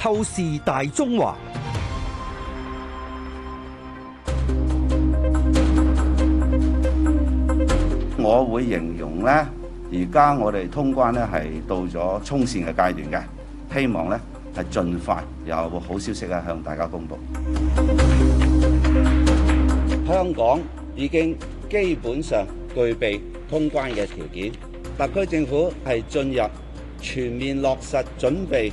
透視大中華，我會形容呢，而家我哋通關呢係到咗衝線嘅階段嘅，希望呢係盡快有個好消息啊向大家公布。香港已經基本上具備通關嘅條件，特區政府係進入全面落實準備。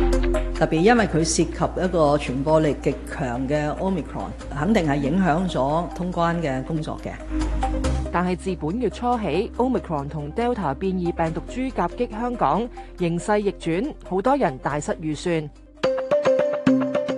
特別因為佢涉及一個傳播力極強嘅 Omicron，肯定係影響咗通關嘅工作嘅。但係自本月初起，Omicron 同 Delta 變異病毒株夾擊香港，形勢逆轉，好多人大失預算。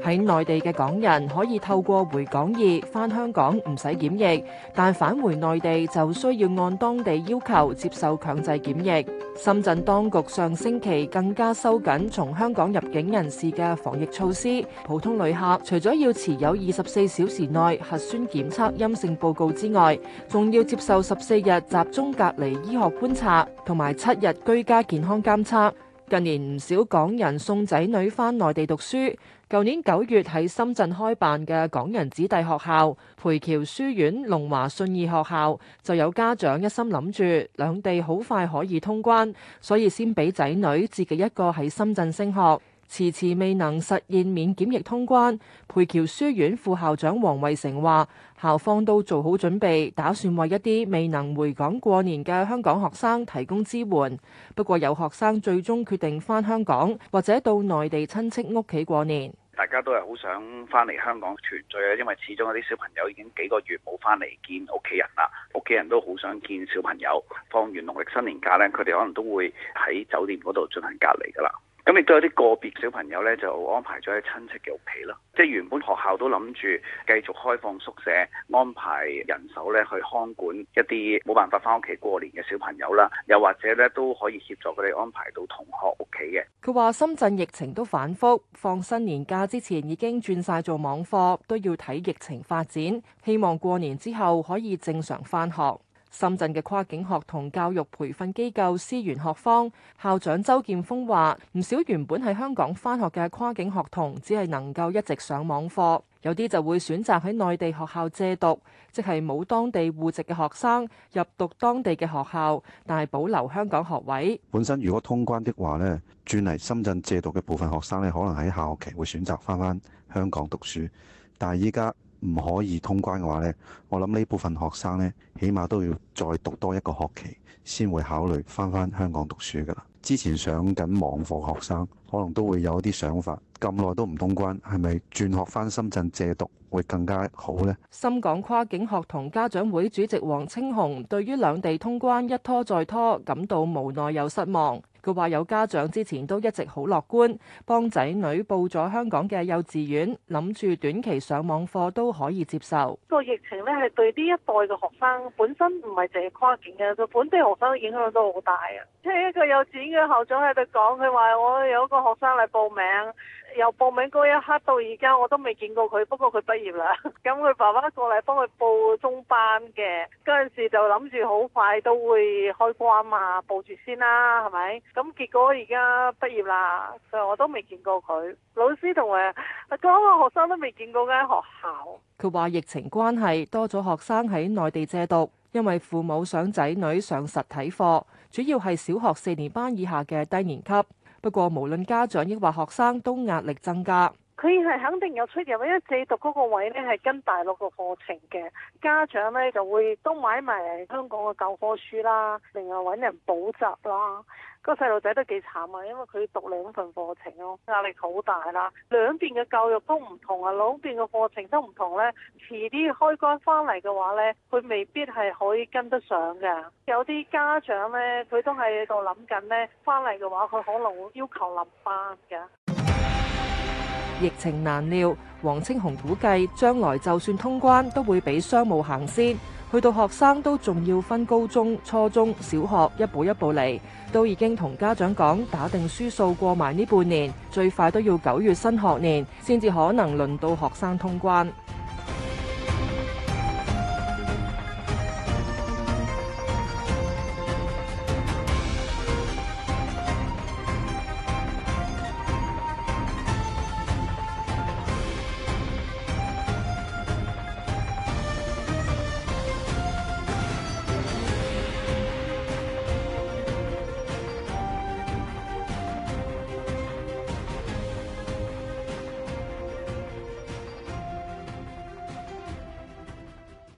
喺內地嘅港人可以透過回港易返香港唔使檢疫，但返回內地就需要按當地要求接受強制檢疫。深圳當局上星期更加收緊從香港入境人士嘅防疫措施，普通旅客除咗要持有二十四小時內核酸檢測陰性報告之外，仲要接受十四日集中隔離醫學觀察同埋七日居家健康監測。近年唔少港人送仔女返內地讀書，舊年九月喺深圳開辦嘅港人子弟學校——培僑書院、龍華信義學校，就有家長一心諗住兩地好快可以通關，所以先俾仔女自己一個喺深圳升學。遲遲未能實現免檢疫通關，培僑書院副校長黃慧成話：校方都做好準備，打算為一啲未能回港過年嘅香港學生提供支援。不過有學生最終決定返香港或者到內地親戚屋企過年。大家都係好想翻嚟香港團聚啊，因為始終有啲小朋友已經幾個月冇翻嚟見屋企人啦，屋企人都好想見小朋友。放完農曆新年假呢，佢哋可能都會喺酒店嗰度進行隔離噶啦。咁亦都有啲個別小朋友咧，就安排咗喺親戚嘅屋企咯。即係原本學校都諗住繼續開放宿舍，安排人手咧去看管一啲冇辦法翻屋企過年嘅小朋友啦。又或者咧都可以協助佢哋安排到同學屋企嘅。佢話：深圳疫情都反覆，放新年假之前已經轉晒做網課，都要睇疫情發展。希望過年之後可以正常翻學。深圳嘅跨境學童教育培訓機構思源學方校長周劍鋒話，唔少原本喺香港翻學嘅跨境學童，只係能夠一直上網課，有啲就會選擇喺內地學校借讀，即係冇當地戶籍嘅學生入讀當地嘅學校，但係保留香港學位。本身如果通關的話，咧，轉嚟深圳借讀嘅部分學生咧，可能喺下學期會選擇翻返香港讀書，但係依家。唔可以通關嘅話呢，我諗呢部分學生呢，起碼都要再讀多一個學期，先會考慮翻返香港讀書噶啦。之前上緊網課學生，可能都會有一啲想法，咁耐都唔通關，係咪轉學返深圳借讀會更加好呢？深港跨境學童家長會主席黃青雄對於兩地通關一拖再拖，感到無奈又失望。佢話有家長之前都一直好樂觀，幫仔女報咗香港嘅幼稚園，諗住短期上網課都可以接受。個疫情咧係對呢一代嘅學生，本身唔係淨係跨境嘅，對本地學生影響都好大啊！聽一個幼稚園嘅校長喺度講，佢話我有一個學生嚟報名。由報名嗰一刻到而家，我都未見過佢。不過佢畢業啦，咁 佢爸爸過嚟幫佢報中班嘅，嗰陣時就諗住好快都會開關嘛，報住先啦，係咪？咁結果而家畢業啦，所以我都未見過佢。老師同誒嗰個學生都未見過間學校。佢話疫情關係，多咗學生喺內地借讀，因為父母想仔女上實體課，主要係小學四年班以下嘅低年級。不過，無論家長抑或學生，都壓力增加。佢係肯定有出入，因為借讀嗰個位咧係跟大陸個課程嘅，家長咧就會都買埋香港嘅教科書啦，另外揾人補習啦，個細路仔都幾慘啊，因為佢讀兩份課程咯，壓力好大啦。兩邊嘅教育都唔同啊，兩邊嘅課程都唔同咧，遲啲開關翻嚟嘅話咧，佢未必係可以跟得上嘅。有啲家長咧，佢都喺度諗緊咧，翻嚟嘅話佢可能會要求臨班嘅。疫情難料，黃青雄估計將來就算通關，都會比商務行先。去到學生都仲要分高中、初中、小學一步一步嚟，都已經同家長講打定輸數，過埋呢半年，最快都要九月新學年，先至可能輪到學生通關。